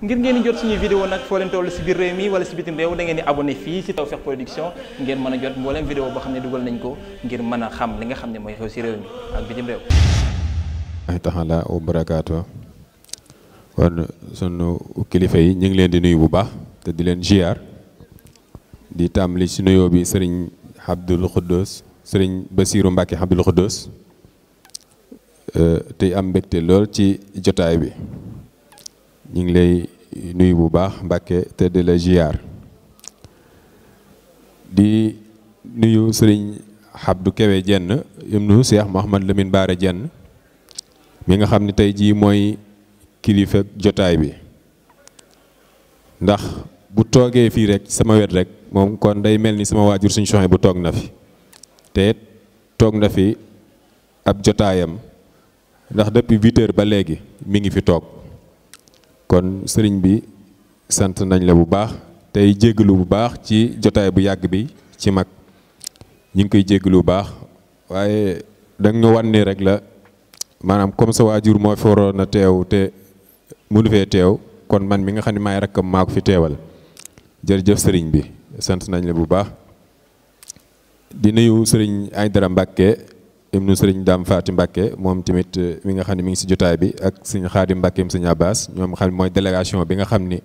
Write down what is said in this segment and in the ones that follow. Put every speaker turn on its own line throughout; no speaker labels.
ngir ngeen di jot suñuy vidéo nag foo leen toll si biir réew mi wala si bitim réew da ngeen di abonné fii si Tawfekh Production ngeen mën a jot mbooleem vidéo boo xam ne dugal nañ ko ngir mën a xam li nga xam ne mooy xew si réew mi ak bitim réew
ay yi ñu ngi leen di nuyu bu baax te di leen ziar di tàmbali si nuyoo bi sëriñ Abdul Xuddoos sëriñ ba Basiiru Mbàkke Abdul Xuddoos te am mbégte lool ci jotaay bi ñu ngi lay nuyu bu baax Mbàkke te di la di nuyu sëriñ Abdou Kewe Jenn ibnu Cheikh Mouhamad Lamine Baara Jenn mi nga xam ne tey jii mooy kilifa jotaay bi ndax bu toogee fii rek sama wet rek moom kon day mel ni sama waajur suñu soxee bu toog na fi te toog na fi ab jotaayam ndax depuis huit ba léegi mi ngi fi toog kon sëriñ bi sant nañ la bu baax tey jéggalu bu baax ci jotaay bu yàgg bi ci mag ñu ngi koy jéggalu bu baax waaye da nga wan ni rek la maanaam comme sa waajur moo fi waroon a teew te mënu fee teew kon man mi nga xam ne maay rakkam maa ko fi teewal jërëjëf sëriñ bi sant nañ la bu baax di nuyu sëriñ Aïdara Mbàkke ibnu sëriñ daam faati Mbacke moom tamit eh, mi nga xam ne mi ngi si jotaay bi ak sëñ xaati Mbacke sëñ Abbas ñoom xam mooy délégation bi nga xam ni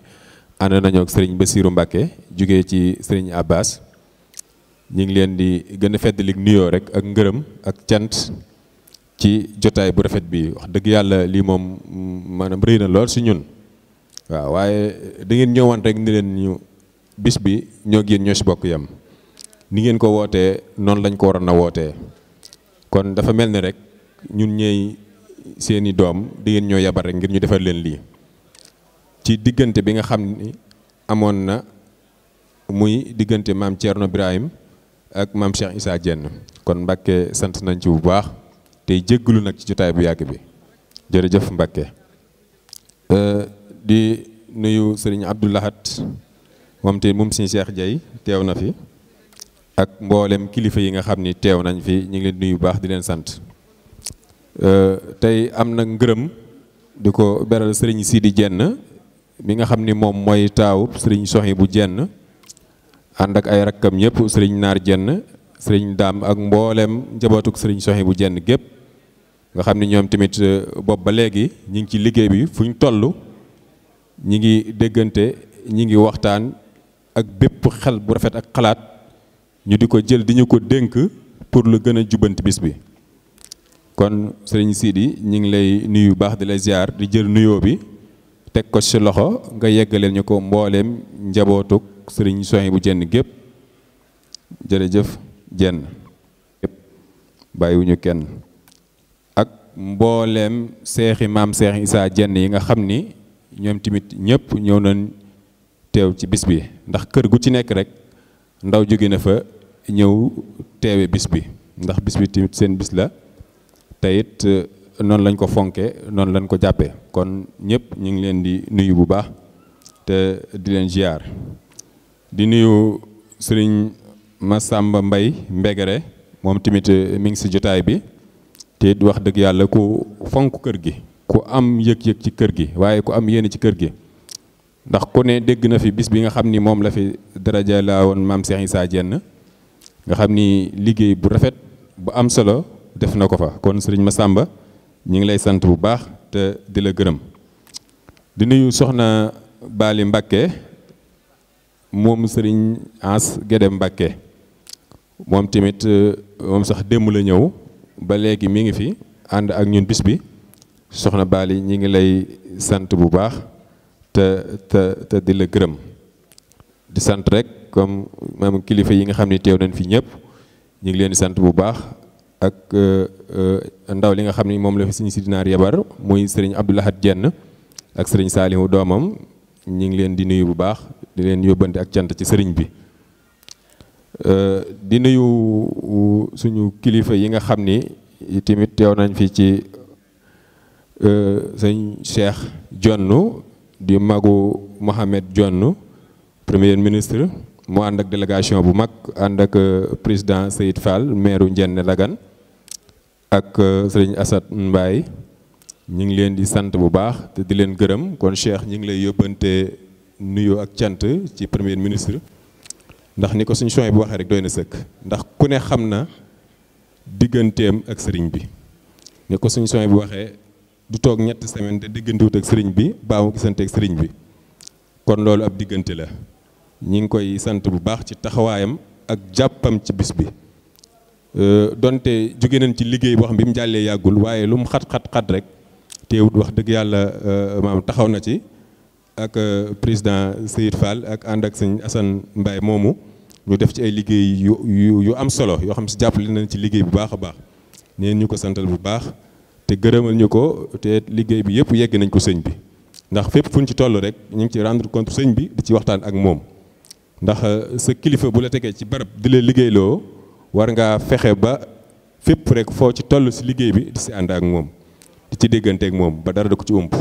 ànd nañoo ak sëriñ Bassirou Mbacke jugee ci sëriñ Abbas ñu ngi leen di gën a fedd lig nuyoo rek ak ngërëm ak cant ci jotaay bu rafet bi wax dëgg yàlla lii moom mm, maanaam rëy na lool si ñun waaw waaye da ngeen ñëwaan rek ni leen ñu bis bi ñoo yéen ñoo si bokk yam ni ngeen ko wootee noonu lañ ko waroon a wootee. kon dafa mel ni rek ñun ñëy seeni doom di ñoo yabar rek ngir ñu defar leen lii ci diggante bi nga xam ni amoon na muy diggante maam Thierno Birahim ak maam Cheikh Issa Diène kon Mbacke sant nañ ci bu baax tey jéggalu nag ci jotaay bu yàgg bi jërëjëf Mbacke euh, di nuyu sëriñ Abdoulahat moom te moom si Cheikh Dieye teew na fi ak mboolem kilifa yi nga xam ni teew nañ fi ñu ngi leen nuyu baax di leen sant euh, tey am na ngërëm di ko beral sëriñ Sidi Jenn mi nga xam ni moom mooy taawu sëriñ Soxi bu Jenn ànd ak ay rakkam yëpp sëriñ Naar Jenn sëriñ Daam ak mboolem njabootuk sëriñ Soxi bu Jenn gépp nga xam ni ñoom tamit euh, bopp ba léegi ñu ngi ci liggéey bi fu ñu toll ñi ngi déggante ñi ngi waxtaan ak bépp xel bu rafet ak xalaat ñu di ko jël di ñu ko dénk pour lu gën a jubanti bis bi kon sëriñ Sidi ñu ngi lay nuyu baax di la ziar di jël nuyoo bi teg ko ci loxo nga yeggaleel ñu ko mbooleem njabootuk sëriñ soñ bu jenn gépp jërëjëf jenn gépp bàyyiwuñu kenn ak mbooleem seexi maam seexi isaa jenn yi nga xam ni ñoom tamit ñëpp ñëw nañ teew ci bis bi ndax kër gu ci nekk rek ndaw jóge na fa ñëw teewe bis bi ndax bis bi tamit seen bis la te it eh, noonu lañ ko fonke noonu lañ ko jàppee kon ñëpp ñu ngi leen di nuyu bu baax te di leen ziar di nuyu sëriñ Massamba Mbay Mbegere moom tamit eh, mi ngi si jotaay bi te it wax dëgg yàlla ku fonk kër gi ku am yëg-yëg ci kër gi waaye ku am yéene ci kër gi ndax ku ne dégg na fi bis bi nga xam ni moom la fi daraja laa woon maam Cheikh Issa Diène nga xam ni liggéey bu rafet bu am solo def na ko fa kon sëriñ Massamba ñu ngi lay sant bu baax te di la gërëm di nuyu soxna Bali Mbakke moom sëriñ As Gede moom tamit euh, moom sax démb la ñëw ba léegi mi ngi fi ànd ak ñun bis bi soxna Bali ñi ngi lay sant bu baax te te di la gërëm di sant rek. comme maanaam kilifa yi nga xam ni teew nañ fi ñëpp ñu ngi leen di sant bu baax ak euh, euh, ndaw li nga xam ne moom la fi suñu si dinaar yabar muy sëriñ Abdou Lahad ak sëriñ Salihu doomam ñu ngi leen di nuyu bu baax di leen yóbbante ak cant ci sëriñ bi. Euh, di nuyu suñu kilifa yi nga xam ni tamit teew nañ fi ci sëñ Cheikh Jonn di magu Mohamed Jonn premier ministre. mu ànd ak délégation bu mag ànd ak euh, président Seyid Fall maire Ndiène Lagane ak euh, sëriñ Assane Mbaye ñu ngi leen di sant bu baax te di leen gërëm kon Cheikh ñu ngi lay yóbbante nuyoo ak cant ci premier ministre ndax ni ko suñ soñ bu waxee rek doy na sëkk ndax ku ne xam na digganteem ak sëriñ bi ni ko suñu soñ bu waxee du toog ñetti semaine te diggantewut ak sëriñ bi baa mu gisante sëriñ bi kon loolu ab diggante la ñi ngi koy sant bu baax ci taxawaayam ak jàppam ci bis bi euh, donte jóge nañ ci liggéey boo xam bi mu jàllee yàggul waaye lu mu xat-xat-xat rek teewut wax dëgg yàlla euh, maam taxaw na ci ak euh, président Seyid Fall ak ànd ak sëñ Assane Mbaye moomu ñu def ci ay liggéey yu yu am solo yoo xam si jàpp jàppale nañ ci liggéey bu baax a baax neen ñu ko santal bu baax te gërëmal ñu ko te liggéey bi yëpp yegg nañ ko sëñ bi ndax fépp fu ñu ci toll rek ñu ngi ci rendre compte sëñ bi di ci waxtaan ak moom ndax euh, sa kilifa bu la tegee ci barab di la liggéeyloo war ngaa fexe ba fépp rek foo ci toll si liggéey bi di si ànd ak moom di ci ak moom ba dara da ko ci ump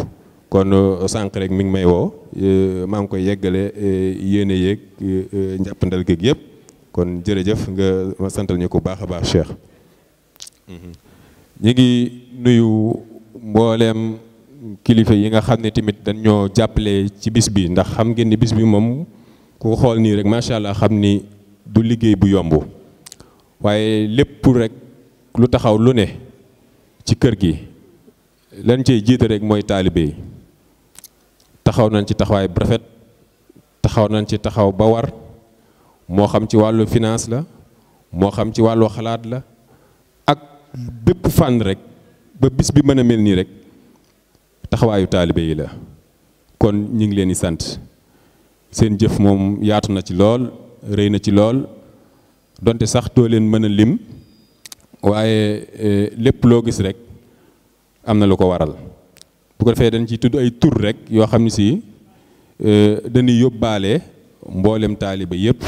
kon euh, sànq rek mi ngi may woo euh, maa ngi koy yeggale yéene yeeg njàppandal géeg yëpp kon jërëjëf nga ma santal ñu ko baax a baax Cheikh ñu ngi nuyu mbooleem kilifa yi nga xam ne tamit dañ jàppale ci bis bi ndax xam ngeen ni bis bi moom ku xool nii rek macha allah xam ni du liggéey bu yomb waaye lépp rek lu taxaw lu ne ci kër gi lan cey jiite rek mooy taalibe yi taxaw nañ ci taxawaay bu rafet taxaw nañ ci taxaw ba war moo xam ci wàllu finance la moo xam ci wàllu xalaat la ak bépp fànn rek ba bis bi mën a mel nii rek taxawaayu taalibe yi la kon ñu ngi leen di sant seen jëf moom yaatu na ci lool rëy na ci lool donte sax too leen mën a lim waaye eh, lépp loo gis rek am na lu ko waral bu ko defee dañ ciy tudd ay tur rek yoo xam ne si eh, dañuy yóbbaale mboolem taaliba yëpp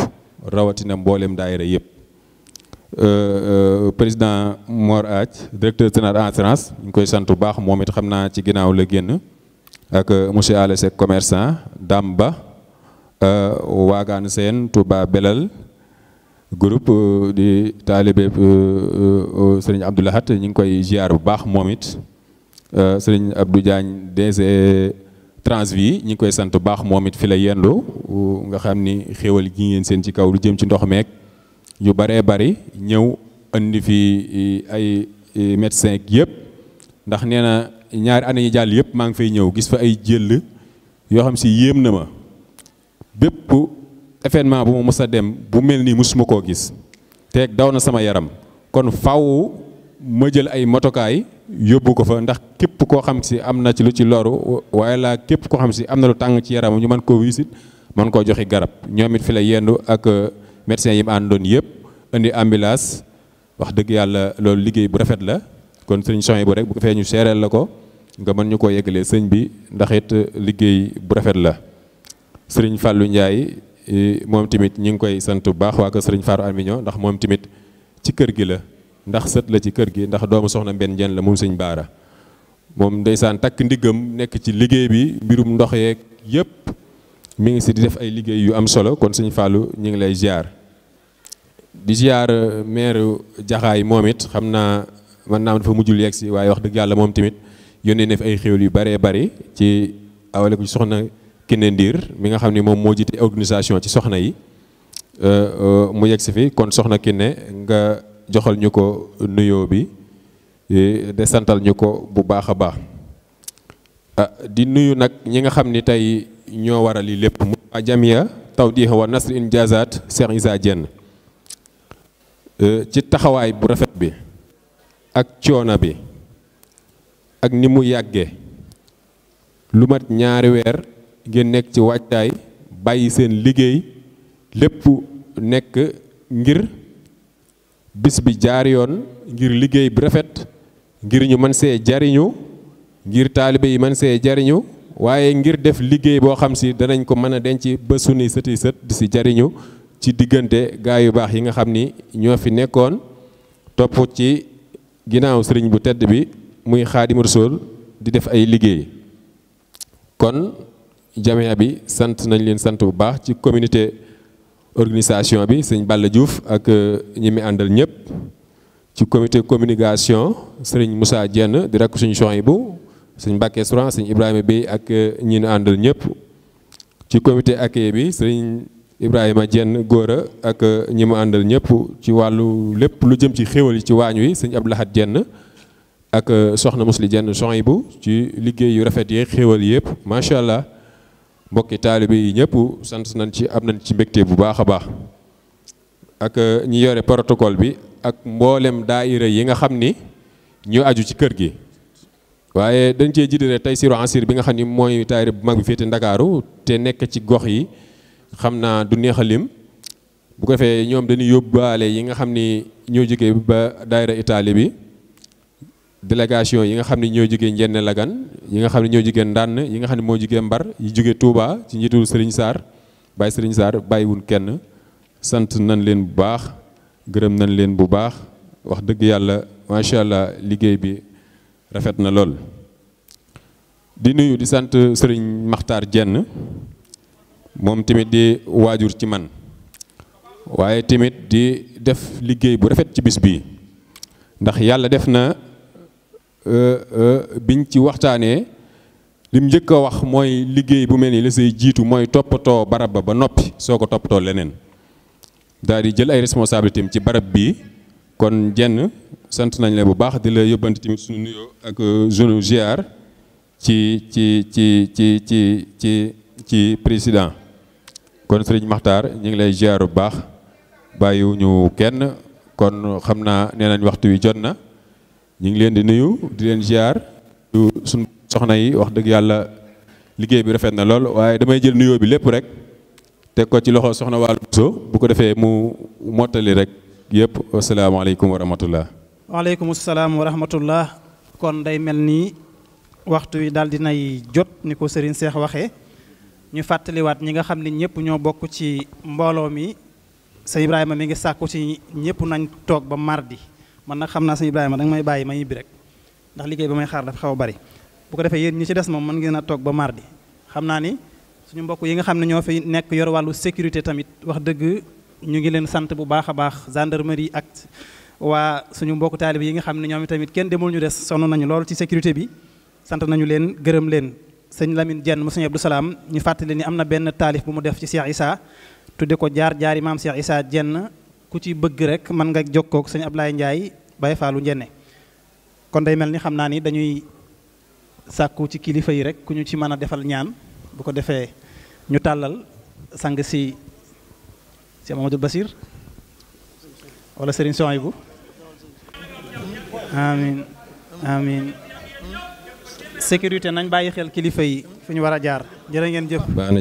rawatina mboolem daayira yëpp eh, président Mor Aaj directeur général assurance ñu koy sant bu baax moom it xam naa ci ginnaaw la génn ak monsieur Alassane commerçant ba Euh, waagaan seen Touba Belal groupe euh, di taalibe euh, sëriñ Abdou Lahat ñu ngi koy ziar bu baax moom it sëriñ Abdou Diagne DG Transvi ñu ngi koy sant bu baax moom it fi la yendu nga xam ni xéewal gi ngeen seen ci kaw lu jëm ci ndox meek yu baree bari ñëw andi fi ay médecin yëpp ndax nee na ñaari année yi jàll yëpp maa ngi fay ñëw gis fa ay jël yoo xam si yéem na ma bépp événement bu ma mës a dem bu mel nii musuma koo gis te daw na sama yaram kon faw ma jël ay motokaay yóbbu ko fa ndax képp koo xam si am na ci lu ci loru waaye laa képp koo xam si am na lu tàng ci yaram ñu mën koo wisit mën koo joxe garab ñoom it fi la yendu ak euh, médecin yi mu àndoon yëpp indi ambulance wax dëgg yàlla loolu liggéey bu rafet la kon sëñ soñ bu rek bu fee ñu seereel la ko nga mën ñu koo yeggalee sëñ bi ndax it euh, liggéey bu rafet la sëriñ Fallou Ndiaye moom tamit ñu ngi koy sant bu baax waa ko sëriñ Fallou Almignon ndax moom tamit ci kër gi la ndax sët la ci kër gi ndax doomu soxna mbenn jeen la moom sëñ baara moom ndeysaan takk ndiggam nekk ci liggéey bi mbirum ndox yeeg yëpp mi ngi si di def ay liggéey yu am solo kon sëñ Fallou ñu ngi lay ziar di ziar euh, maire jaxaay moom it xam naa man naam dafa mujjul yegg si waaye wax dëgg yàlla moom tamit yónnee na fi ay xéwal yu baree bari ci awale soxna Kiné Ndiir mi nga xam ni moom moo jiite organisation ci soxna yi euh, euh, mu yegg si fi kon soxna Kiné nga joxal ñu ko nuyoo bi de santal ñu ko bu baax a baax ah, di nuyu nag ñi nga xam ni tey ñoo waral lii lépp mu waa Jamia Tawdiha wa Nasri Injazat Cheikh Issa Diène euh, ci taxawaay bu rafet bi ak coona bi ak ni mu yàggee lu mat ñaari weer ngeen nekk ci waajtaay bàyyi seen liggéey lépp nekk ngir bis bi jaar yoon ngir liggéey bi rafet ngir ñu mën see jariñu ngir taalibe yi mën see jariñu waaye ngir def liggéey boo xam si danañ ko mën a denc ba sunuy sëti sët si jariñu ci diggante gaa yu baax yi nga xam ni ñoo fi nekkoon topp ci ginnaaw sëriñ bu tedd bi muy Xaadimu Rasuul di def ay liggéey kon jamia bi sant nañ leen sant bu baax ci communité organisation bi sëñ Balla Diouf ak euh, ñi mi àndal ñëpp ci comité communication sëriñ Moussa jenn di rakk suñu Souhaïbou sëñ Mbacke Souran sëñ Ibrahima Bey ak euh, ñi àndal ñëpp ci comité accueil bi sëriñ Ibrahima Dieng Gora ak euh, ñi mu àndal ñëpp ci wàllu lépp lu jëm ci xéwal yi ci waañ wi sëñ Abdou Lahad Dieng ak soxna Mousli Dieng bu ci liggéey yu rafet yi xéwal yëpp macha allah. mbokki taalibe yi ñëpp sant nañ ci am nañ ci mbégte bu baax a baax ak euh, ñi yore protocole bi ak mboolem daayira yi nga xam ni ñu aju ci kër gi waaye dañ cee jiitale tey siru ansir bi nga xam ni mooy daayira bu mag bi féete ndakaaru te nekk ci gox yi xam naa du neex a lim bu ko defee ñoom dañuy yóbbaale yi nga xam ni ñoo jógee ba daayira Italie bi délégation yi nga xam ne ñoo jógee Njenne Lagan yi nga xam ne ñoo jógee Ndànn yi nga xam ne moo jógee Mbar yi jógee Touba ci njiitul Serigne Sarr Baye Serigne Sarr bàyyiwul kenn sant nañ leen bu baax gërëm nañ leen bu baax wax dëgg yàlla macha allah liggéey bi rafet na lool. di nuyu di sant sëriñ Makhtar jenn moom tamit di waajur ci man waaye tamit di def liggéey bu rafet ci bis bi ndax yàlla def na. Euh, euh, biñ ci waxtaanee lim njëkk a wax mooy liggéey bu mel ni la say jiitu mooy toppatoo barab ba ba noppi soo ko toppatoo leneen daal di jël ay responsabilité ci barab bi kon jenn sant nañ la bu baax di la yóbbante tamit suñu nuyoo ak euh, zone GR ci ci ci ci ci ci ci président kon sëriñ Maxtaar ñu ngi lay GR bu baax bàyyiwuñu kenn kon xam naa nee nañ waxtu wi jot na. ñu ngi leen di nuyu di leen ziar du soxna yi wax dëgg yàlla liggéey bi rafet na lool waaye damay jël nuyoo bi lépp rek teg ko ci loxo soxna Waly Bousso bu ko defee mu mottali rek yëpp asalaamaaleykum wa rahmatullah.
waaleykum salaam wa rahmatullah. kon day mel nii waxtu wi daal dinay jot ni ko Serigne Seex waxee ñu fàttaliwaat ñi nga xam ne ñëpp ñoo bokk ci mbooloo mi sëñ Ibrahima mi ngi sàkku ci ñëpp nañ toog ba mardi. man nag xam naa sëñ Ibrahima danga may bàyyi ma bi rek ndax liggéey ba may xaar dafa xaw a bari bu ko defee yéen ñi ci des moom mën ngeen a toog ba xam naa ni suñu mbokk yi nga xam ne ñoo fi nekk yor wàllu sécurité tamit wax dëgg ñu ngi leen sant bu baax a baax gendarmerie ak waa suñu mbokk taalib yi nga xam ne ñoom tamit kenn demool ñu des sonn nañu lool ci sécurité bi sant nañu leen gërëm leen sëñ Lamine jenn mu sëñ Abdou Salaam ñu fàttali ni am na benn taalif bu mu def ci Cheikh Issa tudde ko jaar jaari maam Cheikh Issa Dieng ku ci bëgg rek mën nga jokkook sëñ Ablaye Ndiaye Baye Fallou Njenne kon day mel ni xam naa ni dañuy sàkku ci kilifa yi rek ku ñu ci mën a defal ñaan bu ko defee ñu tàllal sang si si Mamadou Basir wala Serigne Souhaïbou amin amin sécurité nañ bàyyi xel kilifa yi fi ñu war a jaar jërë ngeen jëf baax na